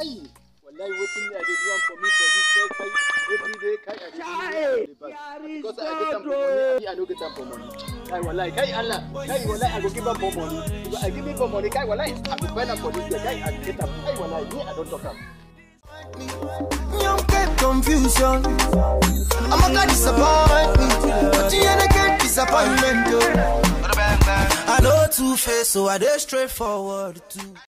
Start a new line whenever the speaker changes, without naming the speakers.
Hey!
Wallahi, waiting me, I did one for me for this first fight. Every day, Kai, I did one Because I get time for
money, I don't get time for money. Kai, wallahi, Kai, Kai, I go give up more money. I give him more money, Kai, wallahi, I go find out for this Kai, I get up. Kai, wallahi, me, I don't talk up.
Young get confusion. I'm a god But you ain't get disappointment. I know two face, so I dey straightforward too.